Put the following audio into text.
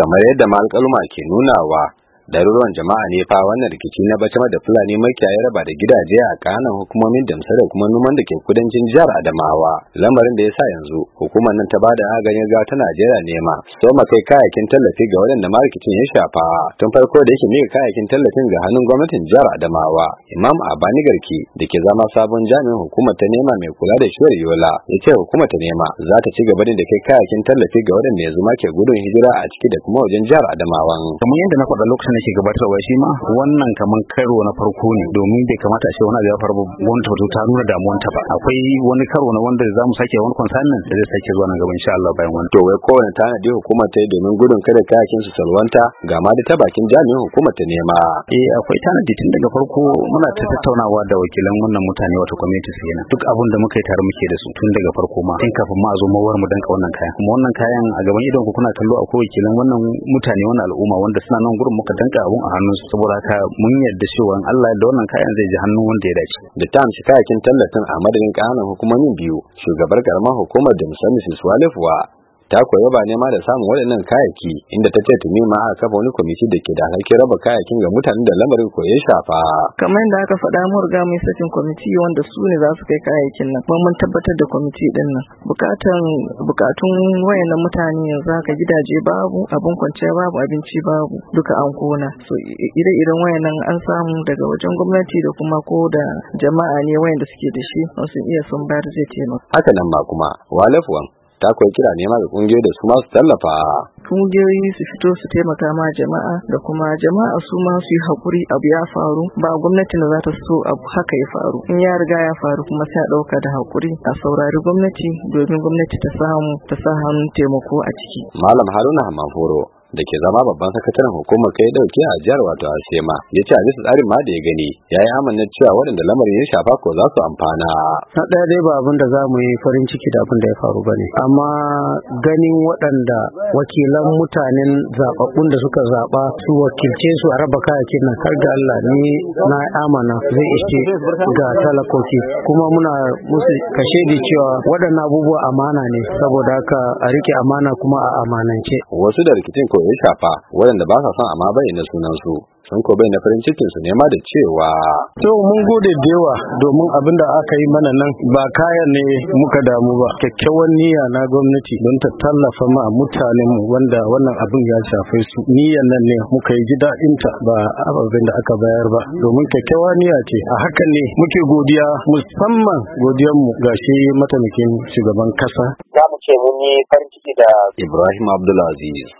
kamar yadda ma alƙaluma ke nunawa daruruwan jama'a ne fa wannan rikici na bacama da fulani makiyaye raba da gidaje a kanan hukumomin damsa da kuma numan da ke kudancin jihar adamawa lamarin da ya sa yanzu hukumar nan ta ba da agajin gawa ta najeriya nema soma kai kayakin tallafi ga waɗanda ma rikicin ya shafa tun farko da yake mika kayakin tallafin ga hannun gwamnatin jihar adamawa imam abani garki da ke zama sabon jami'in hukumar ta nema mai kula da shiwar yola ya ce hukumar ta nema za ta ci gaba da kai kayakin tallafi ga waɗanda yanzu ma ke gudun hijira a ciki da kuma wajen jihar adamawa kamar yadda na faɗa lokacin ke gabatarwa shi ma wannan kaman karo na farko ne domin bai kamata a ce wani abu ya faru ba gwamnati ta nuna ta ba akwai wani karo na wanda za mu sake wani consignment da zai sake zuwa nan gaba insha Allah bayan wani. To wai kowane tanadi hukuma ta domin gudun kada kayakin su salwanta ga ma da ta bakin jami'in hukuma ta nema. Eh akwai tanadi tun daga farko muna ta tattaunawa da wakilan wannan mutane wato community su yana duk abin da muka yi tare muke da su tun daga farko ma tun kafin ma a zo war mu danka wannan kayan kuma wannan kayan a gaban idon ku kuna kallo akwai wakilan wannan mutane wannan al'umma wanda suna nan gurin muka ka abun a hannun su saboda ka mun yarda cewa in Allah da wannan kayan zai ji hannun wanda ya dace da ta amshi kayakin tallafin a madadin kananan hukumomin biyu shugabar karamar hukumar da musamman Walefuwa ta koyi ba nema da samun waɗannan kayaki inda ta ce ta ma aka kafa wani kwamiti da ke da alhakin raba kayakin ga mutanen da lamarin ko ya shafa. kamar yadda aka faɗa mu riga mai sakin kwamiti wanda su ne za su kai kayakin nan kuma mun tabbatar da kwamiti din nan bukatan bukatun wayannan mutane yanzu haka gidaje babu abin kwanciya babu abinci babu duka an kona so ire-iren wayannan an samu daga wajen gwamnati da kuma ko da jama'a ne wayanda suke da shi sun iya sun bayar zai taimaka. haka nan ma kuma walafuwan ta kuwa kira nema ga kungiyoyi da su masu tallafa kungiyoyi su fito su taimaka ma jama'a da kuma jama'a su ma su yi hakuri abu ya faru ba gwamnati na za ta so abu haka ya faru in ya riga ya faru kuma sai a ɗauka da haƙuri a saurari gwamnati domin gwamnati ta samu ta sa hannun taimako a ciki malam haruna hamaforo da ke zama babban sakataren hukumar kai dauke a jihar wato Asema ya ce a bisa tsarin ma da ya gani ya yi amana cewa waɗanda lamarin ya shafa ko za su amfana. Na ɗaya dai ba abin da za mu yi farin ciki da abin da ya faru ba ne amma ganin waɗanda wakilan mutanen zaɓaɓɓun da suka zaɓa su wakilce su a raba kayakin nan har ga Allah ni na amana zai ishe ga talakoki kuma muna musu kashe da cewa waɗannan abubuwa amana ne saboda haka a rike amana kuma a amanance. Wasu da rikicin ko ya shafa waɗanda ba sa son amma bayyana sunan su sun ko bai na farin cikin su nema da cewa to mun gode da yawa domin abin da aka yi mana nan ba kayan ne muka damu ba kyakkyawan niyya na gwamnati don ta tallafa ma mutanen mu wanda wannan abin ya shafe su niyyan nan ne muka yi ji daɗin ba abin da aka bayar ba domin kyakkyawan niyya ce a haka ne muke godiya musamman godiyar mu ga shi mataimakin shugaban kasa za mu ce mun da Ibrahim Abdulaziz